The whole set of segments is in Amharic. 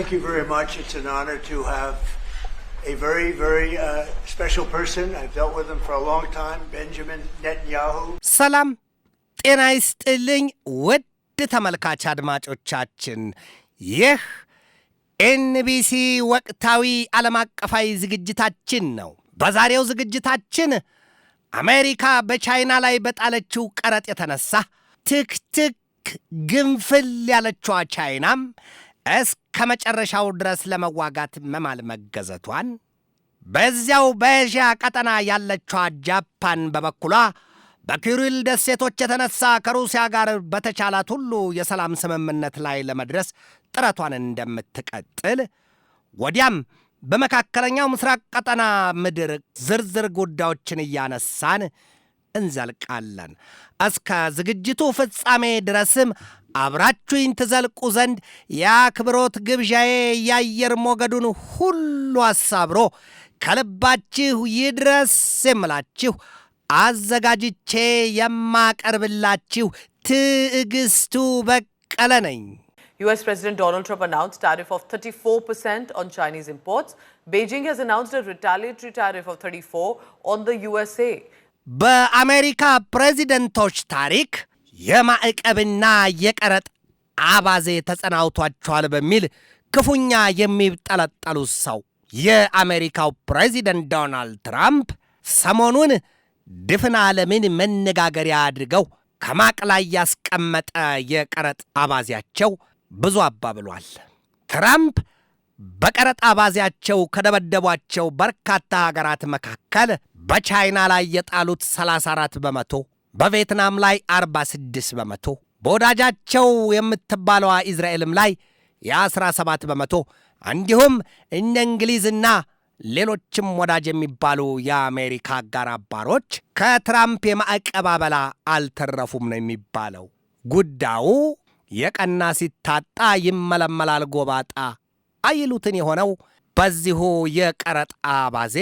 thank you very much. It's an honor to have a very, very uh, special person. I've dealt with him for a long time, Benjamin Netanyahu. ሰላም ጤና ይስጥልኝ ውድ ተመልካች አድማጮቻችን፣ ይህ ኤንቢሲ ወቅታዊ ዓለም አቀፋዊ ዝግጅታችን ነው። በዛሬው ዝግጅታችን አሜሪካ በቻይና ላይ በጣለችው ቀረጥ የተነሳ ትክትክ ግንፍል ያለችዋ ቻይናም እስከ መጨረሻው ድረስ ለመዋጋት መማል መገዘቷን በዚያው በኤዥያ ቀጠና ያለችዋ ጃፓን በበኩሏ በኪሪል ደሴቶች የተነሳ ከሩሲያ ጋር በተቻላት ሁሉ የሰላም ስምምነት ላይ ለመድረስ ጥረቷን እንደምትቀጥል ወዲያም በመካከለኛው ምስራቅ ቀጠና ምድር ዝርዝር ጉዳዮችን እያነሳን እንዘልቃለን። እስከ ዝግጅቱ ፍጻሜ ድረስም አብራችሁኝ ትዘልቁ ዘንድ የአክብሮት ግብዣዬ የአየር ሞገዱን ሁሉ አሳብሮ ከልባችሁ ይድረስ የምላችሁ አዘጋጅቼ የማቀርብላችሁ ትዕግስቱ በቀለ ነኝ። US President Donald Trump announced tariff of 34% on Chinese imports. Beijing has announced a retaliatory tariff of 34 on the USA. በአሜሪካ ፕሬዚደንቶች ታሪክ የማዕቀብና የቀረጥ አባዜ ተጸናውቷቸዋል በሚል ክፉኛ የሚጠለጠሉ ሰው የአሜሪካው ፕሬዚደንት ዶናልድ ትራምፕ ሰሞኑን ድፍን ዓለምን መነጋገሪያ አድርገው ከማቅ ላይ ያስቀመጠ የቀረጥ አባዜያቸው ብዙ አባብሏል። ትራምፕ በቀረጥ አባዚያቸው ከደበደቧቸው በርካታ ሀገራት መካከል በቻይና ላይ የጣሉት 34 በመቶ፣ በቬትናም ላይ 46 በመቶ፣ በወዳጃቸው የምትባለዋ እስራኤልም ላይ የ17 በመቶ እንዲሁም እነ እንግሊዝና ሌሎችም ወዳጅ የሚባሉ የአሜሪካ አጋር አባሮች ከትራምፕ የማዕቀብ አበላ አልተረፉም ነው የሚባለው። ጉዳዩ የቀና ሲታጣ ይመለመላል ጎባጣ አይሉትን የሆነው በዚሁ የቀረጥ አባዜ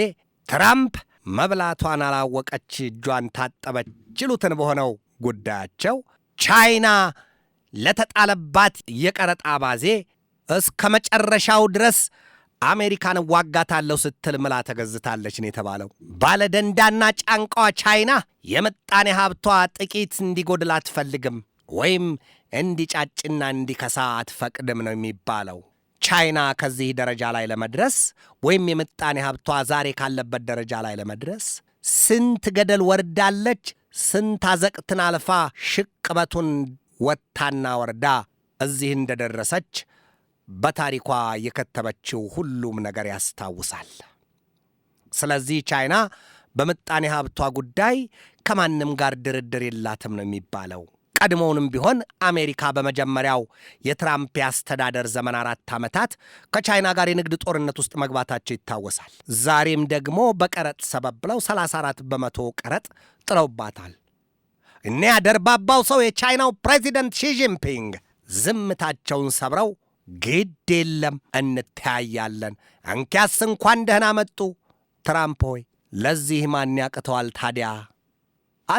ትራምፕ መብላቷን አላወቀች እጇን ታጠበች ይሉትን በሆነው ጉዳያቸው ቻይና ለተጣለባት የቀረጥ አባዜ እስከ መጨረሻው ድረስ አሜሪካን ዋጋታለሁ ስትል ምላ ተገዝታለች ነው የተባለው። ባለደንዳና ጫንቃዋ ቻይና የምጣኔ ሀብቷ ጥቂት እንዲጎድል አትፈልግም ወይም እንዲጫጭና እንዲከሳ አትፈቅድም ነው የሚባለው። ቻይና ከዚህ ደረጃ ላይ ለመድረስ ወይም የምጣኔ ሀብቷ ዛሬ ካለበት ደረጃ ላይ ለመድረስ ስንት ገደል ወርዳለች፣ ስንት አዘቅትን አልፋ ሽቅበቱን ወታና ወርዳ እዚህ እንደደረሰች በታሪኳ የከተበችው ሁሉም ነገር ያስታውሳል። ስለዚህ ቻይና በምጣኔ ሀብቷ ጉዳይ ከማንም ጋር ድርድር የላትም ነው የሚባለው። ቀድሞውንም ቢሆን አሜሪካ በመጀመሪያው የትራምፕ የአስተዳደር ዘመን አራት ዓመታት ከቻይና ጋር የንግድ ጦርነት ውስጥ መግባታቸው ይታወሳል። ዛሬም ደግሞ በቀረጥ ሰበብ ብለው 34 በመቶ ቀረጥ ጥለውባታል። እኔ ያደርባባው ሰው የቻይናው ፕሬዚደንት ሺጂንፒንግ ዝምታቸውን ሰብረው ግድ የለም እንተያያለን፣ እንኪያስ እንኳን ደህና መጡ ትራምፕ ሆይ ለዚህ ማን ያቅተዋል ታዲያ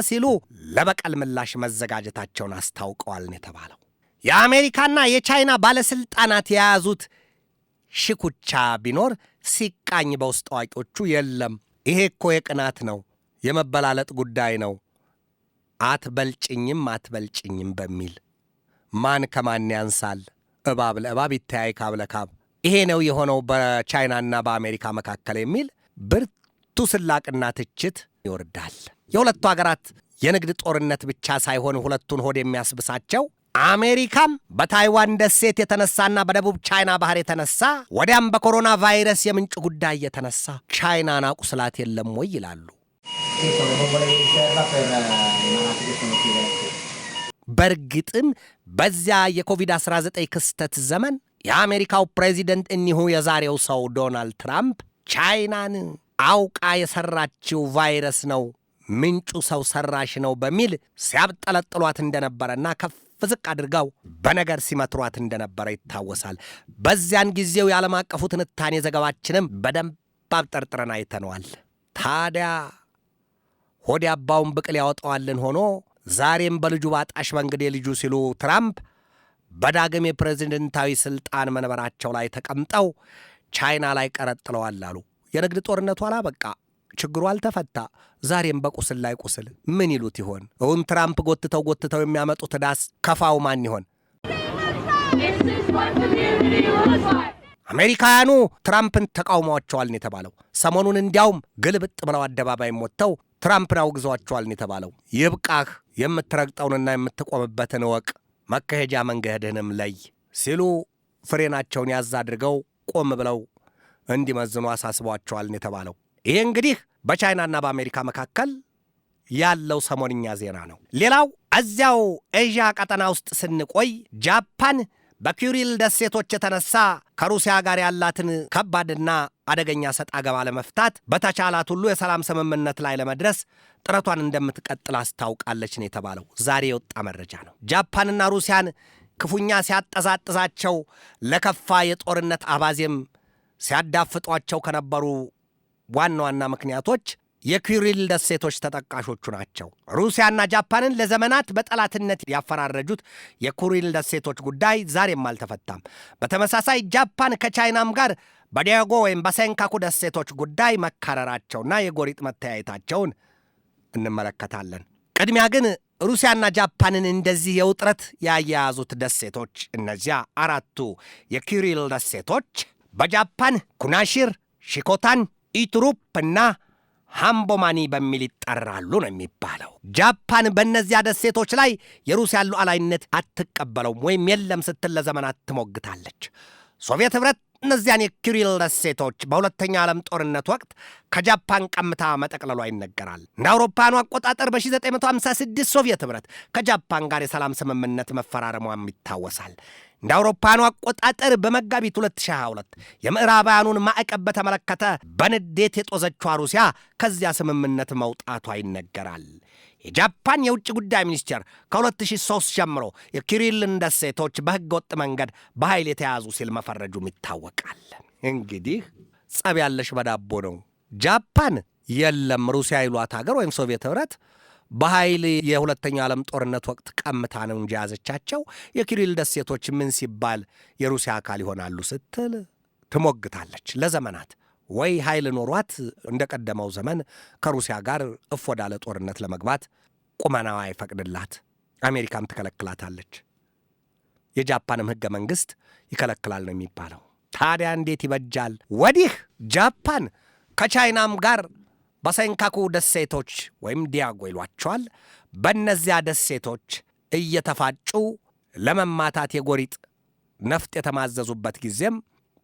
ሲሉ ለበቀል ምላሽ መዘጋጀታቸውን አስታውቀዋል ነው የተባለው። የአሜሪካና የቻይና ባለሥልጣናት የያዙት ሽኩቻ ቢኖር ሲቃኝ በውስጥ አዋቂዎቹ የለም፣ ይሄ እኮ የቅናት ነው፣ የመበላለጥ ጉዳይ ነው፣ አትበልጭኝም አትበልጭኝም በሚል ማን ከማን ያንሳል፣ እባብ ለእባብ ይተያይ፣ ካብ ለካብ ይሄ ነው የሆነው በቻይናና በአሜሪካ መካከል የሚል ብርቱ ስላቅና ትችት ይወርዳል። የሁለቱ ሀገራት የንግድ ጦርነት ብቻ ሳይሆን ሁለቱን ሆድ የሚያስብሳቸው አሜሪካም በታይዋን ደሴት የተነሳና በደቡብ ቻይና ባህር የተነሳ ወዲያም በኮሮና ቫይረስ የምንጭ ጉዳይ የተነሳ ቻይናን አቁስላት የለም ወይ ይላሉ። በእርግጥም በዚያ የኮቪድ-19 ክስተት ዘመን የአሜሪካው ፕሬዚደንት እኒሁ የዛሬው ሰው ዶናልድ ትራምፕ ቻይናን አውቃ የሰራችው ቫይረስ ነው፣ ምንጩ ሰው ሰራሽ ነው በሚል ሲያብጠለጥሏት እንደነበረና ከፍ ዝቅ አድርገው በነገር ሲመትሯት እንደነበረ ይታወሳል። በዚያን ጊዜው የዓለም አቀፉ ትንታኔ ዘገባችንም በደንብ አብጠርጥረን አይተነዋል። ታዲያ ሆድ አባውን ብቅል ያወጣዋልን ሆኖ ዛሬም በልጁ ባጣሽ መንገድ ልጁ ሲሉ ትራምፕ በዳግም የፕሬዝደንታዊ ሥልጣን መንበራቸው ላይ ተቀምጠው ቻይና ላይ ቀረጥለዋል አሉ። የንግድ ጦርነቱ አላበቃ፣ ችግሩ አልተፈታ፣ ዛሬም በቁስል ላይ ቁስል። ምን ይሉት ይሆን? እውን ትራምፕ ጎትተው ጎትተው የሚያመጡት ዳስ ከፋው ማን ይሆን? አሜሪካውያኑ ትራምፕን ተቃውመዋቸዋልን የተባለው ሰሞኑን እንዲያውም ግልብጥ ብለው አደባባይ ወጥተው ትራምፕን አውግዘዋቸዋልን የተባለው ይብቃህ፣ የምትረግጠውንና የምትቆምበትን እወቅ፣ መካሄጃ መንገድህንም ለይ ሲሉ ፍሬናቸውን ያዝ አድርገው ቆም ብለው እንዲመዝኑ አሳስቧቸዋል የተባለው። ይሄ እንግዲህ በቻይናና በአሜሪካ መካከል ያለው ሰሞንኛ ዜና ነው። ሌላው እዚያው ኤዥያ ቀጠና ውስጥ ስንቆይ ጃፓን በኪሪል ደሴቶች የተነሳ ከሩሲያ ጋር ያላትን ከባድና አደገኛ ሰጣ ገባ ለመፍታት በተቻላት ሁሉ የሰላም ስምምነት ላይ ለመድረስ ጥረቷን እንደምትቀጥል አስታውቃለች ነው የተባለው። ዛሬ የወጣ መረጃ ነው። ጃፓንና ሩሲያን ክፉኛ ሲያጠዛጥዛቸው ለከፋ የጦርነት አባዜም ሲያዳፍጧቸው ከነበሩ ዋና ዋና ምክንያቶች የኩሪል ደሴቶች ተጠቃሾቹ ናቸው። ሩሲያና ጃፓንን ለዘመናት በጠላትነት ያፈራረጁት የኩሪል ደሴቶች ጉዳይ ዛሬም አልተፈታም። በተመሳሳይ ጃፓን ከቻይናም ጋር በዲያጎ ወይም በሴንካኩ ደሴቶች ጉዳይ መካረራቸውና የጎሪጥ መተያየታቸውን እንመለከታለን። ቅድሚያ ግን ሩሲያና ጃፓንን እንደዚህ የውጥረት ያያያዙት ደሴቶች እነዚያ አራቱ የኩሪል ደሴቶች በጃፓን ኩናሺር፣ ሺኮታን፣ ኢቱሩፕ እና ሃምቦማኒ በሚል ይጠራሉ ነው የሚባለው። ጃፓን በእነዚያ ደሴቶች ላይ የሩሲያን ሉዓላዊነት አትቀበለውም ወይም የለም ስትል ለዘመናት ትሞግታለች። ሶቪየት ኅብረት እነዚያን የኪሪል ደሴቶች በሁለተኛው ዓለም ጦርነት ወቅት ከጃፓን ቀምታ መጠቅለሏ ይነገራል። እንደ አውሮፓኑ አቆጣጠር በ1956 ሶቪየት ኅብረት ከጃፓን ጋር የሰላም ስምምነት መፈራረሟም ይታወሳል። እንደ አውሮፓኑ አቆጣጠር በመጋቢት 2022 የምዕራባያኑን ማዕቀብ በተመለከተ በንዴት የጦዘችዋ ሩሲያ ከዚያ ስምምነት መውጣቷ ይነገራል። የጃፓን የውጭ ጉዳይ ሚኒስቴር ከ2003 ጀምሮ የኪሪልን ደሴቶች በሕገ ወጥ መንገድ በኃይል የተያዙ ሲል መፈረጁም ይታወቃል። እንግዲህ ጸብ ያለሽ በዳቦ ነው። ጃፓን የለም ሩሲያ ይሏት ሀገር ወይም ሶቪየት ኅብረት በኃይል የሁለተኛው ዓለም ጦርነት ወቅት ቀምታ ነው እንጂ ያዘቻቸው የኪሪል ደሴቶች ምን ሲባል የሩሲያ አካል ይሆናሉ ስትል ትሞግታለች ለዘመናት ወይ ኃይል ኖሯት እንደ ቀደመው ዘመን ከሩሲያ ጋር እፍ ወዳለ ጦርነት ለመግባት ቁመናዋ አይፈቅድላት። አሜሪካም ትከለክላታለች። የጃፓንም ሕገ መንግሥት ይከለክላል ነው የሚባለው። ታዲያ እንዴት ይበጃል? ወዲህ ጃፓን ከቻይናም ጋር በሰንካኩ ደሴቶች ወይም ዲያጎ ይሏቸዋል። በእነዚያ ደሴቶች እየተፋጩ ለመማታት የጎሪጥ ነፍጥ የተማዘዙበት ጊዜም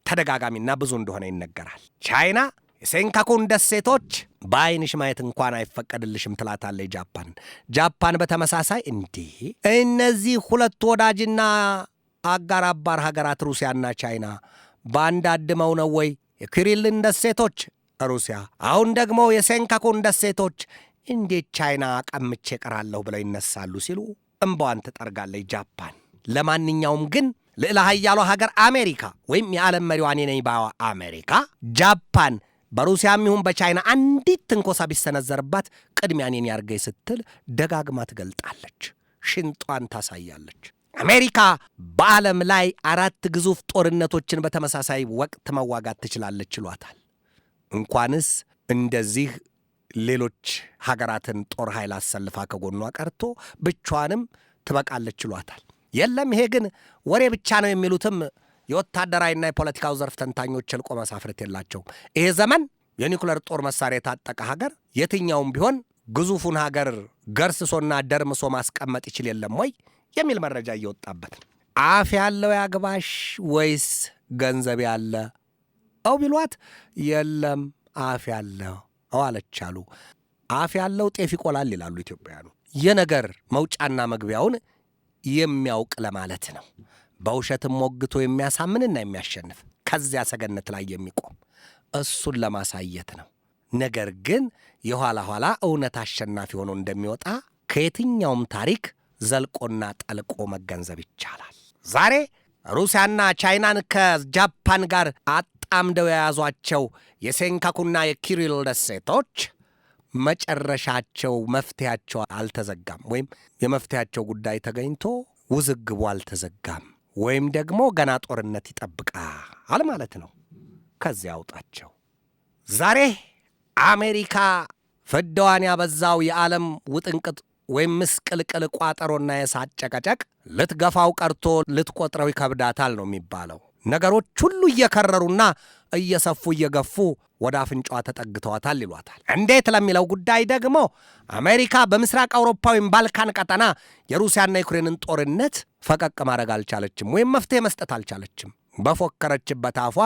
ተደጋጋሚና ብዙ እንደሆነ ይነገራል። ቻይና የሴንካኩን ደሴቶች በአይንሽ ማየት እንኳን አይፈቀድልሽም ትላታለች ጃፓን። ጃፓን በተመሳሳይ እንዲህ እነዚህ ሁለቱ ወዳጅና አጋር አባር ሀገራት ሩሲያና ቻይና በአንድ አድመው ነው ወይ የክሪልን ደሴቶች ሩሲያ አሁን ደግሞ የሴንካኩን ደሴቶች እንዴት ቻይና ቀምቼ እቀራለሁ ብለው ይነሳሉ ሲሉ እምባዋን ትጠርጋለች ጃፓን። ለማንኛውም ግን ልዕለ ኃያሏ ሀገር አሜሪካ ወይም የዓለም መሪዋ እኔ ነኝ ባዋ አሜሪካ ጃፓን በሩሲያም ይሁን በቻይና አንዲት ትንኮሳ ቢሰነዘርባት ቅድሚያ እኔን ያርገኝ ስትል ደጋግማ ትገልጣለች፣ ሽንጧን ታሳያለች። አሜሪካ በዓለም ላይ አራት ግዙፍ ጦርነቶችን በተመሳሳይ ወቅት መዋጋት ትችላለች ችሏታል። እንኳንስ እንደዚህ ሌሎች ሀገራትን ጦር ኃይል አሰልፋ ከጎኗ ቀርቶ ብቻዋንም ትበቃለች ይሏታል። የለም ይሄ ግን ወሬ ብቻ ነው የሚሉትም የወታደራዊና የፖለቲካው ዘርፍ ተንታኞች እልቆ መሳፍርት የላቸውም። ይሄ ዘመን የኒውክለር ጦር መሳሪያ የታጠቀ ሀገር የትኛውም ቢሆን ግዙፉን ሀገር ገርስሶና ደርምሶ ማስቀመጥ ይችል የለም ወይ የሚል መረጃ እየወጣበት አፍ ያለው ያግባሽ ወይስ ገንዘብ ያለ አው ቢሏት የለም አፍ ያለው አዋለች አሉ። አፍ ያለው ጤፍ ይቆላል ይላሉ ኢትዮጵያውያኑ። የነገር መውጫና መግቢያውን የሚያውቅ ለማለት ነው። በውሸትም ሞግቶ የሚያሳምንና የሚያሸንፍ ከዚያ ሰገነት ላይ የሚቆም እሱን ለማሳየት ነው። ነገር ግን የኋላ ኋላ እውነት አሸናፊ ሆኖ እንደሚወጣ ከየትኛውም ታሪክ ዘልቆና ጠልቆ መገንዘብ ይቻላል። ዛሬ ሩሲያና ቻይናን ከጃፓን ጋር አጣምደው የያዟቸው የሴንካኩና የኪሪል ደሴቶች መጨረሻቸው መፍትያቸው አልተዘጋም ወይም የመፍትያቸው ጉዳይ ተገኝቶ ውዝግቡ አልተዘጋም ወይም ደግሞ ገና ጦርነት ይጠብቃል ማለት ነው። ከዚያ ያውጣቸው። ዛሬ አሜሪካ ፍዳዋን ያበዛው የዓለም ውጥንቅጥ ወይም ምስቅልቅል ቋጠሮና የሳት ጨቀጨቅ ልትገፋው ቀርቶ ልትቆጥረው ይከብዳታል ነው የሚባለው። ነገሮች ሁሉ እየከረሩና እየሰፉ እየገፉ ወደ አፍንጫዋ ተጠግተዋታል ይሏታል። እንዴት ለሚለው ጉዳይ ደግሞ አሜሪካ በምስራቅ አውሮፓዊም ባልካን ቀጠና የሩሲያና ዩክሬንን ጦርነት ፈቀቅ ማድረግ አልቻለችም፣ ወይም መፍትሄ መስጠት አልቻለችም። በፎከረችበት አፏ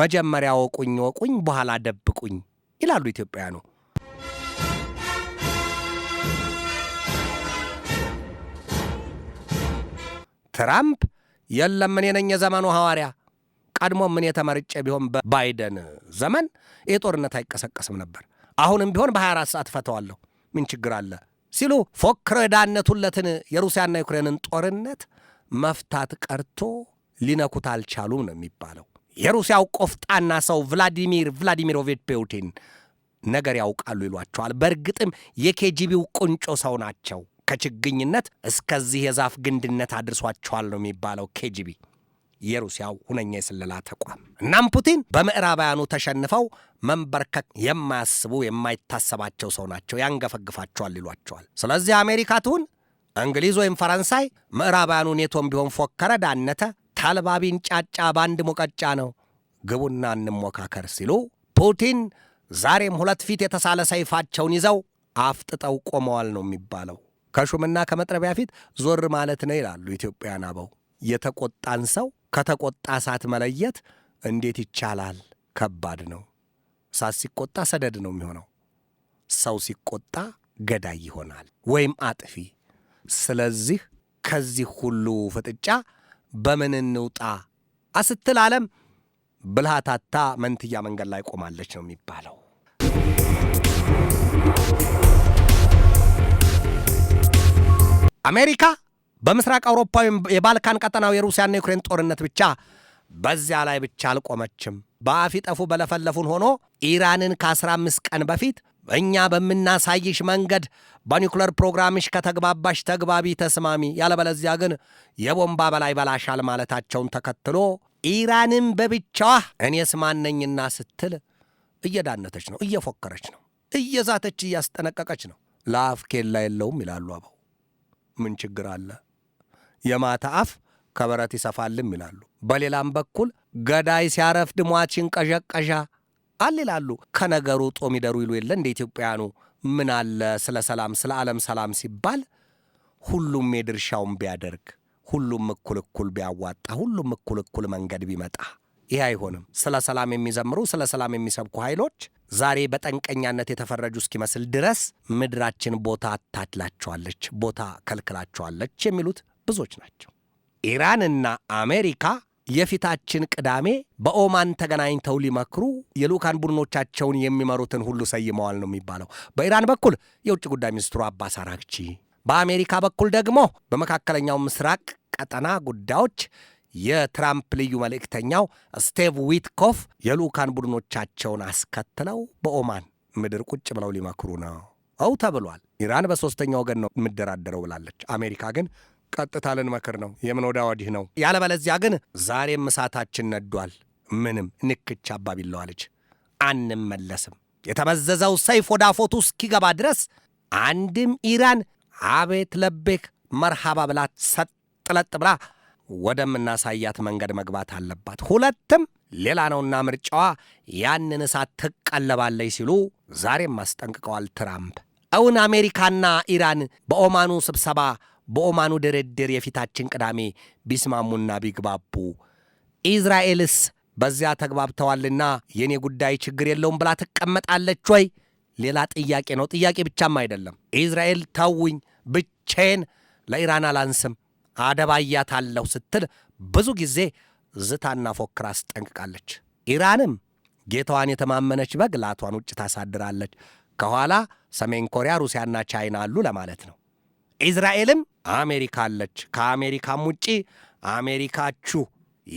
መጀመሪያ ወቁኝ ወቁኝ፣ በኋላ ደብቁኝ ይላሉ ኢትዮጵያውያኑ። ትራምፕ የለም እኔ ነኝ የዘመኑ ሐዋርያ ቀድሞ ምን ተመርጬ ቢሆን በባይደን ዘመን ይህ ጦርነት አይቀሰቀስም ነበር፣ አሁንም ቢሆን በ24 ሰዓት ፈተዋለሁ፣ ምን ችግር አለ ሲሉ ፎክረው የዳነቱለትን የሩሲያና ዩክሬንን ጦርነት መፍታት ቀርቶ ሊነኩት አልቻሉም ነው የሚባለው። የሩሲያው ቆፍጣና ሰው ቭላዲሚር ቭላዲሚሮቪች ፑቲን ነገር ያውቃሉ ይሏቸዋል። በእርግጥም የኬጂቢው ቁንጮ ሰው ናቸው። ከችግኝነት እስከዚህ የዛፍ ግንድነት አድርሷቸዋል ነው የሚባለው ኬጂቢ የሩሲያው ሁነኛ የስለላ ተቋም። እናም ፑቲን በምዕራባውያኑ ተሸንፈው መንበርከክ የማያስቡ የማይታሰባቸው ሰው ናቸው፣ ያንገፈግፋቸዋል ይሏቸዋል። ስለዚህ አሜሪካ ትሁን እንግሊዝ ወይም ፈረንሳይ ምዕራባውያኑ ኔቶም ቢሆን ፎከረ፣ ዳነተ፣ ተልባቢን ጫጫ በአንድ ሙቀጫ ነው፣ ግቡና እንሞካከር ሲሉ ፑቲን ዛሬም ሁለት ፊት የተሳለ ሰይፋቸውን ይዘው አፍጥጠው ቆመዋል ነው የሚባለው። ከሹምና ከመጥረቢያ ፊት ዞር ማለት ነው ይላሉ ኢትዮጵያን አበው። የተቆጣን ሰው ከተቆጣ እሳት መለየት እንዴት ይቻላል? ከባድ ነው። እሳት ሲቆጣ ሰደድ ነው የሚሆነው። ሰው ሲቆጣ ገዳይ ይሆናል ወይም አጥፊ። ስለዚህ ከዚህ ሁሉ ፍጥጫ በምን እንውጣ አስትል ዓለም ብልሃታታ መንትያ መንገድ ላይ ቆማለች ነው የሚባለው። አሜሪካ በምስራቅ አውሮፓ የባልካን ቀጠናው የሩሲያና የዩክሬን ጦርነት ብቻ በዚያ ላይ ብቻ አልቆመችም። በአፊጠፉ በለፈለፉን ሆኖ ኢራንን ከ15 ቀን በፊት እኛ በምናሳይሽ መንገድ በኒውክለር ፕሮግራምሽ ከተግባባሽ ተግባቢ ተስማሚ፣ ያለበለዚያ ግን የቦምባ በላይ በላሻል ማለታቸውን ተከትሎ ኢራንም በብቻዋ እኔስ ማነኝና ስትል እየዳነተች ነው፣ እየፎከረች ነው፣ እየዛተች እያስጠነቀቀች ነው። ለአፍ ኬላ የለውም ይላሉ አበው። ምን ችግር አለ? የማታ አፍ ከበረት ይሰፋልም ይላሉ። በሌላም በኩል ገዳይ ሲያረፍድ ሟች ይንቀዠቀዣ አል ይላሉ። ከነገሩ ጦም ይደሩ ይሉ የለ እንደ ኢትዮጵያኑ ምን አለ ስለ ሰላም ስለ ዓለም ሰላም ሲባል ሁሉም የድርሻውን ቢያደርግ፣ ሁሉም እኩል እኩል ቢያዋጣ፣ ሁሉም እኩል እኩል መንገድ ቢመጣ። ይህ አይሆንም። ስለ ሰላም የሚዘምሩ ስለ ሰላም የሚሰብኩ ኃይሎች ዛሬ በጠንቀኛነት የተፈረጁ እስኪመስል ድረስ ምድራችን ቦታ አታድላቸዋለች፣ ቦታ ከልክላቸዋለች የሚሉት ብዙዎች ናቸው። ኢራንና አሜሪካ የፊታችን ቅዳሜ በኦማን ተገናኝተው ሊመክሩ የልዑካን ቡድኖቻቸውን የሚመሩትን ሁሉ ሰይመዋል ነው የሚባለው። በኢራን በኩል የውጭ ጉዳይ ሚኒስትሩ አባስ አራግቺ፣ በአሜሪካ በኩል ደግሞ በመካከለኛው ምስራቅ ቀጠና ጉዳዮች የትራምፕ ልዩ መልእክተኛው ስቴቭ ዊትኮፍ የልዑካን ቡድኖቻቸውን አስከትለው በኦማን ምድር ቁጭ ብለው ሊመክሩ ነው ተብሏል። ኢራን በሦስተኛ ወገን ነው የምደራደረው ብላለች። አሜሪካ ግን ቀጥታ ልንመክር ነው። የምን ወዳ ወዲህ ነው። ያለበለዚያ ግን ዛሬም እሳታችን ነዷል። ምንም ንክች አባቢለው አለች። አንመለስም። የተመዘዘው ሰይፍ ወደ አፎቱ እስኪገባ ድረስ አንድም ኢራን አቤት ለቤክ መርሃባ ብላት ሰጥለጥ ብላ ወደምናሳያት መንገድ መግባት አለባት። ሁለትም ሌላ ነውና ምርጫዋ ያንን እሳት ትቀለባለች ሲሉ ዛሬም አስጠንቅቀዋል ትራምፕ። እውን አሜሪካና ኢራን በኦማኑ ስብሰባ በኦማኑ ድርድር የፊታችን ቅዳሜ ቢስማሙና ቢግባቡ ኢዝራኤልስ በዚያ ተግባብተዋልና የእኔ ጉዳይ ችግር የለውም ብላ ትቀመጣለች ወይ? ሌላ ጥያቄ ነው። ጥያቄ ብቻም አይደለም። ኢዝራኤል ተውኝ፣ ብቼን ለኢራን አላንስም፣ አደባያታለሁ ስትል ብዙ ጊዜ ዝታና ፎክራ አስጠንቅቃለች። ኢራንም ጌታዋን የተማመነች በግ ላቷን ውጭ ታሳድራለች። ከኋላ ሰሜን ኮሪያ፣ ሩሲያና ቻይና አሉ ለማለት ነው። ኢዝራኤልም አሜሪካ አለች። ከአሜሪካም ውጪ አሜሪካችሁ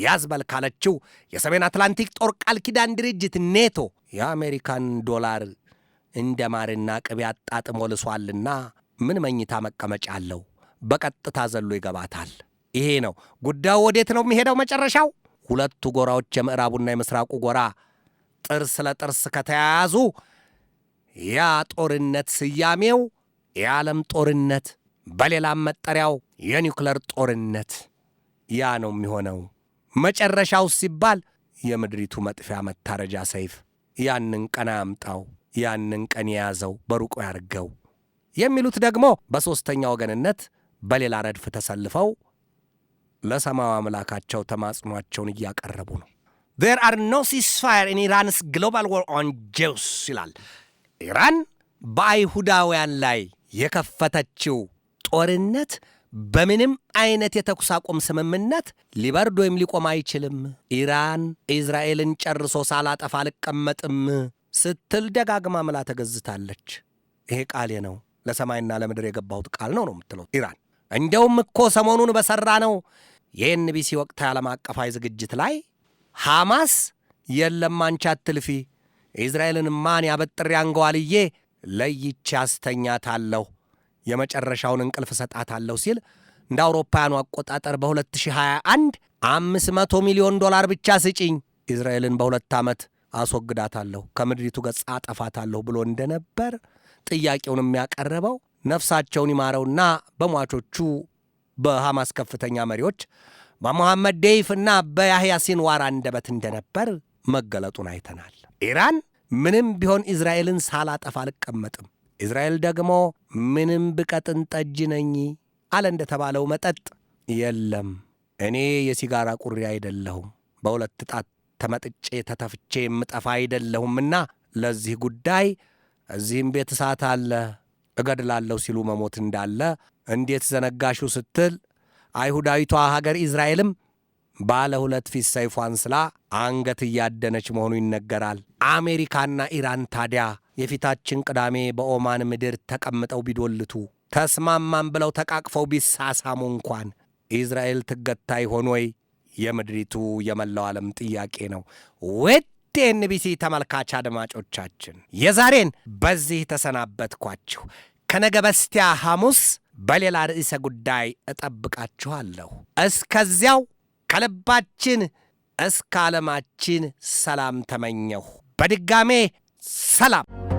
ያዝበል ካለችው የሰሜን አትላንቲክ ጦር ቃል ኪዳን ድርጅት ኔቶ የአሜሪካን ዶላር እንደ ማርና ቅቤ አጣጥሞ ልሷልና ምን መኝታ መቀመጫ አለው? በቀጥታ ዘሎ ይገባታል። ይሄ ነው ጉዳዩ። ወዴት ነው የሚሄደው? መጨረሻው ሁለቱ ጎራዎች የምዕራቡና የምስራቁ ጎራ ጥርስ ለጥርስ ከተያያዙ ያ ጦርነት ስያሜው የዓለም ጦርነት በሌላም መጠሪያው የኒውክለር ጦርነት ያ ነው የሚሆነው። መጨረሻው ሲባል የምድሪቱ መጥፊያ መታረጃ ሰይፍ ያንን ቀን አምጣው፣ ያንን ቀን የያዘው በሩቁ ያርገው የሚሉት ደግሞ በሦስተኛ ወገንነት በሌላ ረድፍ ተሰልፈው ለሰማዩ አምላካቸው ተማጽኗቸውን እያቀረቡ ነው። ዜር አር ኖ ሲስፋየር ኢን ኢራንስ ግሎባል ወር ኦን ጄውስ ይላል። ኢራን በአይሁዳውያን ላይ የከፈተችው ጦርነት በምንም አይነት የተኩስ አቁም ስምምነት ሊበርድ ወይም ሊቆም አይችልም። ኢራን እስራኤልን ጨርሶ ሳላጠፋ አልቀመጥም ስትል ደጋግማ ምላ ተገዝታለች። ይሄ ቃሌ ነው፣ ለሰማይና ለምድር የገባሁት ቃል ነው ነው የምትለው ኢራን። እንደውም እኮ ሰሞኑን በሠራ ነው የኤንቢሲ ወቅታዊ ዓለም አቀፋዊ ዝግጅት ላይ ሐማስ የለም አንቺ አትልፊ፣ የእስራኤልን ማን ያበጥር ያንገዋልዬ ለይቼ አስተኛታለሁ የመጨረሻውን እንቅልፍ ሰጣታለሁ ሲል እንደ አውሮፓውያኑ አቆጣጠር በ2021 500 ሚሊዮን ዶላር ብቻ ስጪኝ፣ እስራኤልን በሁለት ዓመት አስወግዳታለሁ፣ ከምድሪቱ ገጽ አጠፋታለሁ ብሎ እንደነበር ጥያቄውን የሚያቀርበው ነፍሳቸውን ይማረውና በሟቾቹ በሐማስ ከፍተኛ መሪዎች በሞሐመድ ደይፍ እና በያህያ ሲንዋር አንደበት እንደነበር መገለጡን አይተናል። ኢራን ምንም ቢሆን እስራኤልን ሳላጠፋ አልቀመጥም እስራኤል ደግሞ ምንም ብቀጥን ጠጅ ነኝ አለ እንደተባለው መጠጥ የለም። እኔ የሲጋራ ቁሪ አይደለሁም፣ በሁለት ጣት ተመጥጬ ተተፍቼ የምጠፋ አይደለሁምና ለዚህ ጉዳይ እዚህም ቤት እሳት አለ እገድላለሁ ሲሉ መሞት እንዳለ እንዴት ዘነጋሹ ስትል አይሁዳዊቷ ሀገር ኢዝራኤልም ባለ ሁለት ፊት ሰይፏን ስላ አንገት እያደነች መሆኑ ይነገራል። አሜሪካና ኢራን ታዲያ የፊታችን ቅዳሜ በኦማን ምድር ተቀምጠው ቢዶልቱ ተስማማን ብለው ተቃቅፈው ቢሳሳሙ እንኳን ኢዝራኤል ትገታ ይሆን ወይ? የምድሪቱ የመላው ዓለም ጥያቄ ነው። ውድ ኤንቢሲ ተመልካች አድማጮቻችን የዛሬን በዚህ ተሰናበትኳችሁ። ከነገ በስቲያ ሐሙስ በሌላ ርዕሰ ጉዳይ እጠብቃችኋለሁ። እስከዚያው ከልባችን እስከ ዓለማችን ሰላም ተመኘሁ። በድጋሜ ሰላም።